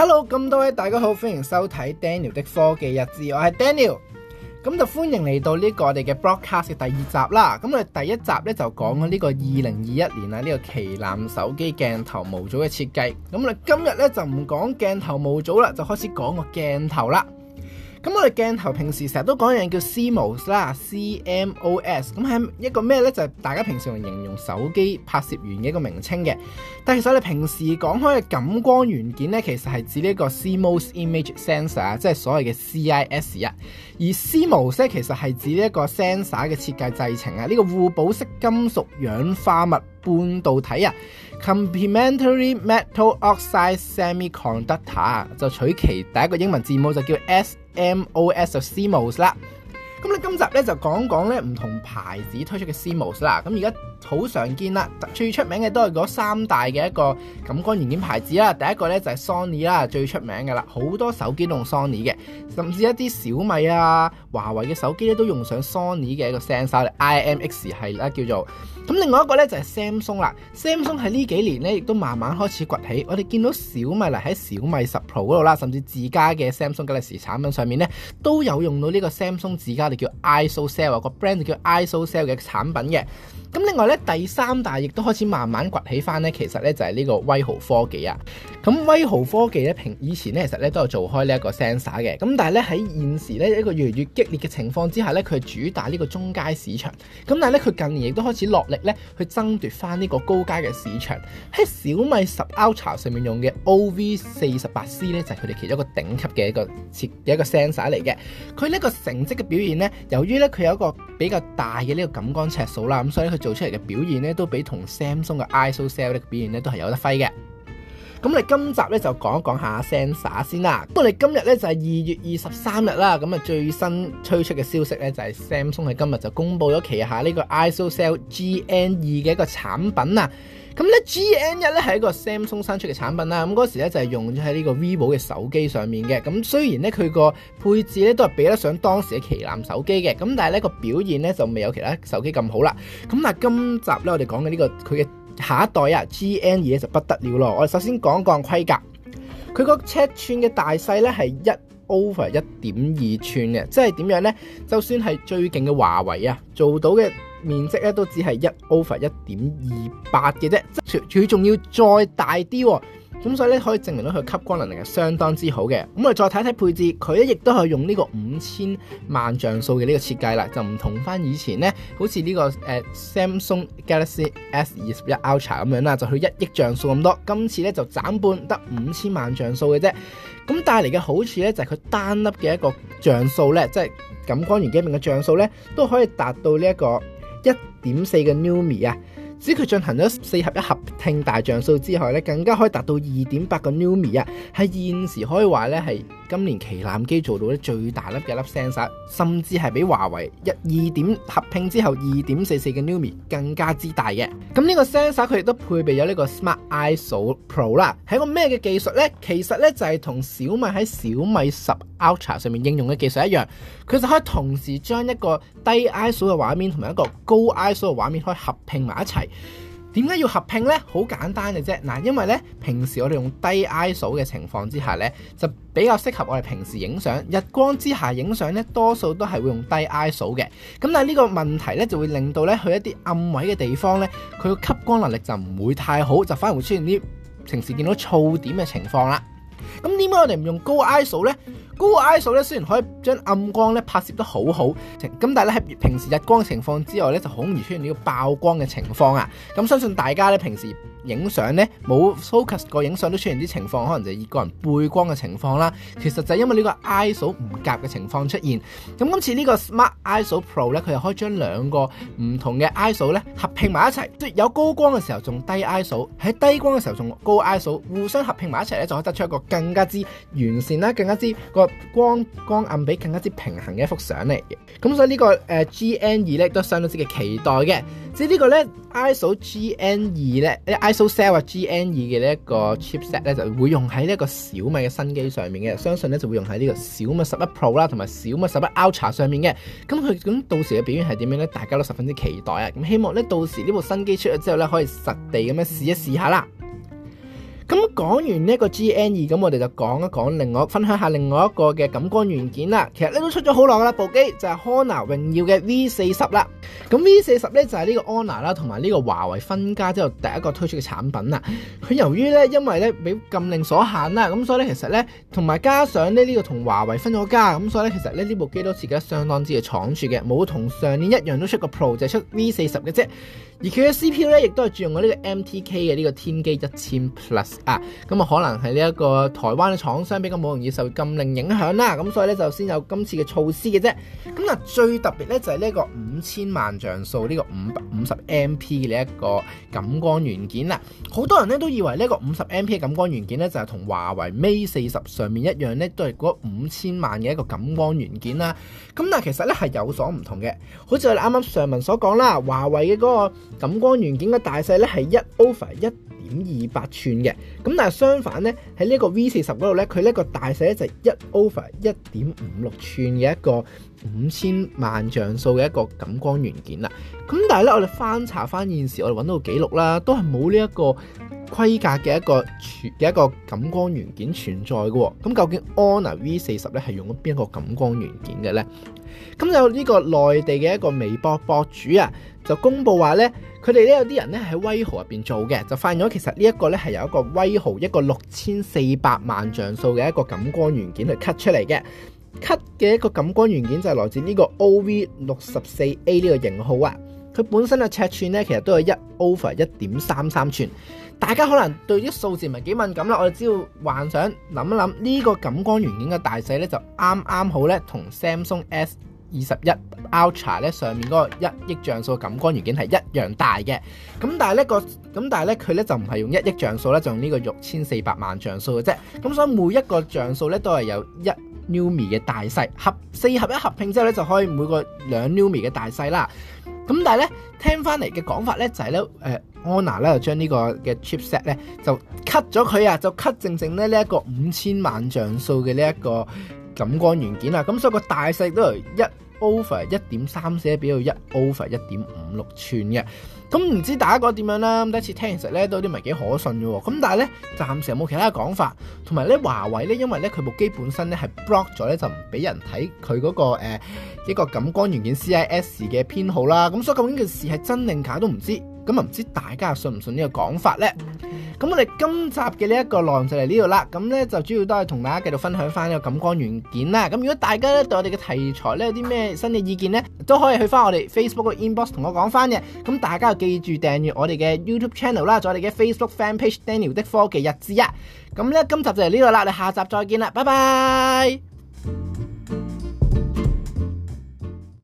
Hello，咁多位大家好，歡迎收睇 Daniel 的科技日誌，我係 Daniel，咁就歡迎嚟到呢個我哋嘅 broadcast 嘅第二集啦，咁我哋第一集呢，就講咗呢個二零二一年啊呢個旗艦手機鏡頭模組嘅設計，咁我哋今日呢，就唔講鏡頭模組啦，就開始講個鏡頭啦。咁我哋鏡頭平時成日都講一樣叫 CMOS 啦，CMOS 咁係一個咩呢？就係大家平時用形容手機拍攝完嘅一個名稱嘅。但其實我哋平時講開嘅感光元件呢，其實係指呢一個 CMOS Image Sensor 啊，即係所謂嘅 CIS 啊。而 CMOS 呢，其實係指呢一個 sensor 嘅設計製程啊。呢個互補式金屬氧化物半導體啊，Complementary Metal Oxide Semiconductor 啊，就取其第一個英文字母就叫 S MOS 嘅 CMOS 啦，咁咧今集咧就講講咧唔同牌子推出嘅 CMOS 啦，咁而家。O 好常見啦，最出名嘅都係嗰三大嘅一個感光元件牌子啦。第一個呢就係 Sony 啦，最出名噶啦，好多手機都用 Sony 嘅，甚至一啲小米啊、華為嘅手機咧都用上 Sony 嘅一個 sensor，IMX 系列叫做。咁另外一個呢就係 Samsung 啦，Samsung 喺呢幾年呢亦都慢慢開始崛起。我哋見到小米啦喺小米十 Pro 嗰度啦，甚至自家嘅 Samsung Galaxy 產品上面呢，都有用到呢個 Samsung 自家嘅叫 ISOCELL 個 brand 叫 ISOCELL 嘅產品嘅。咁另外咧，第三大亦都開始慢慢崛起翻咧，其實咧就係呢個威豪科技啊。咁威豪科技咧平以前咧其實咧都有做開呢一個 sensor 嘅，咁但係咧喺現時咧一個越嚟越激烈嘅情況之下咧，佢主打呢個中階市場，咁但係咧佢近年亦都開始落力咧去爭奪翻呢個高階嘅市場。喺小米十 Ultra 上面用嘅 OV 四十八 C 咧就係佢哋其中一個頂級嘅一個設嘅一個 sensor 嚟嘅，佢呢個成績嘅表現咧，由於咧佢有一個比較大嘅呢個感光尺數啦，咁所以佢，做出嚟嘅表現咧，都比同 Samsung 嘅 ISOCELL 嘅表現咧，都係有得揮嘅。咁我哋今集咧就講一講下 Sensor 先啦。咁我哋今日咧就係二月二十三日啦。咁啊最新推出嘅消息咧就係 Samsung 喺今日就公布咗旗下呢個 ISOCELL GN 二嘅一個產品啊。咁咧 GN 一咧係一個 Samsung 新出嘅產品啦。咁嗰時咧就係用咗喺呢個 vivo 嘅手機上面嘅。咁雖然咧佢個配置咧都係比得上當時嘅旗艦手機嘅，咁但係咧個表現咧就未有其他手機咁好啦。咁但係今集咧我哋講嘅呢個佢嘅。下一代啊，G N 二就不得了咯！我哋首先講講規格，佢個尺寸嘅大細咧係一 over 一點二寸嘅，即係點樣呢？就算係最勁嘅華為啊，做到嘅面積咧都只係一 over 一點二八嘅啫，即佢仲要再大啲。咁所以咧可以證明到佢吸光能力係相當之好嘅。咁我再睇睇配置，佢咧亦都係用呢個五千萬像素嘅呢個設計啦，就唔同翻以前咧，好似呢、這個誒、呃、Samsung Galaxy S 二十一 Ultra 咁樣啦，就去一億像素咁多。今次咧就斬半得五千萬像素嘅啫。咁帶嚟嘅好處咧就係、是、佢單粒嘅一個像素咧，即、就、係、是、感光元件入面嘅像素咧，都可以達到呢一個一點四嘅 New 米啊。只要佢進行咗四合一合拼大像素之後咧，更加可以達到二點八個 n u m i 啊！喺現時可以話咧，係今年旗艦機做到咧最大粒嘅粒 sensor，甚至係比華為一二點合拼之後二點四四嘅 n u m i 更加之大嘅。咁呢個 sensor 佢亦都配備咗呢個 Smart ISO Pro 啦，係個咩嘅技術呢？其實呢就係同小米喺小米十 Ultra 上面應用嘅技術一樣，佢就可以同時將一個低 ISO 嘅畫面同埋一個高 ISO 嘅畫面可以合拼埋一齊。點解要合拼呢？好簡單嘅啫，嗱，因為呢，平時我哋用低 ISO 嘅情況之下呢，就比較適合我哋平時影相。日光之下影相呢，多數都係會用低 ISO 嘅。咁但係呢個問題呢，就會令到呢，去一啲暗位嘅地方呢，佢個吸光能力就唔會太好，就反而會出現啲平時見到噪點嘅情況啦。咁點解我哋唔用高 ISO 呢？高 ISO 咧雖然可以將暗光咧拍攝得好好，咁但係咧喺平時日光情況之外咧就好容易出現呢個曝光嘅情況啊！咁相信大家咧平時影相咧冇 focus、so、過影相都出現啲情況，可能就係一個人背光嘅情況啦。其實就係因為呢個 ISO 唔夾嘅情況出現。咁今次呢個 Smart ISO Pro 咧，佢又可以將兩個唔同嘅 ISO 咧合併埋一齊，即有高光嘅時候仲低 ISO，喺低光嘅時候仲高 ISO，互相合併埋一齊咧，就可以得出一個更加之完善啦，更加之個。光光暗比更加之平衡嘅一幅相嚟嘅，咁所以呢個誒 G N 二咧都相當之嘅期待嘅，即係呢個咧 ISO G N 二咧，呢 ISOCELL 啊 G N 二嘅呢一個 chipset 咧就會用喺呢一個小米嘅新機上面嘅，相信咧就會用喺呢個小米十一 Pro 啦，同埋小米十一 Ultra 上面嘅，咁佢咁到時嘅表現係點樣咧？大家都十分之期待啊！咁希望咧到時呢部新機出咗之後咧，可以實地咁樣試一試下啦。咁講完呢個 G N 二，咁我哋就講一講，另外分享下另外一個嘅感光元件啦。其實呢都出咗好耐啦，部機就係 Honor 榮耀嘅 V 四十啦。咁 V 四十咧就係、是、呢個 Honor 啦，同埋呢個華為分家之後第一個推出嘅產品啊。佢由於咧因為咧俾禁令所限啦，咁所以咧其實咧同埋加上咧呢個同華為分咗家，咁所以咧其實咧呢部機都而家相當之係倉促嘅，冇同上年一樣都出個 Pro，就係出 V 四十嘅啫。而佢嘅 C P U 咧亦都係轉用咗呢個 M T K 嘅呢個天機一千 Plus。啊，咁啊可能係呢一個台灣嘅廠商比較冇容易受禁令影響啦，咁所以咧就先有今次嘅措施嘅啫。咁啊最特別咧就係、是、呢個五千萬像素呢、這個五百五十 MP 嘅呢一個感光元件啦，好多人咧都以為呢個五十 MP 感光元件咧就係同華為 Mate 四十上面一樣咧，都係嗰五千萬嘅一個感光元件啦。咁但其實咧係有所唔同嘅，好似我哋啱啱上文所講啦，就是、華為嘅嗰個感光元件嘅大細咧係一 over 一點二八寸嘅，咁但係相反呢，喺呢個 V 四十嗰度呢，佢呢個大細就係一 over 一點五六寸嘅一個五千萬像素嘅一個感光元件啦。咁但係呢，我哋翻查翻現時我哋揾到嘅記錄啦，都係冇呢一個。規格嘅一個嘅一個感光元件存在嘅。哦，咁究竟 Honor V 四十咧係用咗邊一個感光元件嘅呢？咁有呢個內地嘅一個微博博主啊，就公佈話呢，佢哋咧有啲人咧喺威豪入邊做嘅，就發現咗其實呢一個咧係有一個威豪一個六千四百萬像素嘅一個感光元件去 cut 出嚟嘅，cut 嘅一個感光元件就係來自呢個 OV 六十四 A 呢個型號啊。佢本身嘅尺寸咧，其實都係一 over 一點三三寸。大家可能對啲數字唔係幾敏感啦，我哋只要幻想諗一諗，呢個感光元件嘅大細咧，就啱啱好咧，同 Samsung S 二十一 Ultra 咧上面嗰個一億像素感光元件係一樣大嘅。咁但係呢個，咁但係咧佢咧就唔係用一億像素咧，就用呢個六千四百萬像素嘅啫。咁所以每一個像素咧都係有一。n u m i 嘅大細合四合一合拼之後咧，就可以每個兩 n u m i 嘅大細啦。咁但係咧，聽翻嚟嘅講法咧、就是，就係咧，誒安娜咧就將呢個嘅 chipset 咧就 cut 咗佢啊，就 cut 正正咧呢一個五千萬像素嘅呢一個感光元件啊，咁所以個大細都係一。1 over 一點三四，俾到一 over 一點五六寸嘅，咁唔知大家覺得點樣啦？咁第一次聽其實咧，都有啲唔係幾可信嘅喎。咁、嗯、但係咧，暫時有冇其他嘅講法。同埋咧，華為咧，因為咧佢部機本身咧係 block 咗咧，就唔俾人睇佢嗰個、呃、一個感光元件 CIS 嘅編號啦。咁、嗯、所以究竟件事係真定假都唔知。咁啊，唔知大家信唔信呢個講法呢？咁我哋今集嘅呢一個內容就嚟呢度啦。咁呢就主要都係同大家繼續分享翻呢個感光元件啦。咁如果大家呢對我哋嘅題材呢有啲咩新嘅意見呢，都可以去翻我哋 Facebook 嘅 inbox 同我講翻嘅。咁大家就記住訂閱我哋嘅 YouTube Channel 啦，仲我哋嘅 Facebook Fan Page Daniel 的科技日誌。咁呢，今集就嚟呢度啦，我哋下集再見啦，拜拜。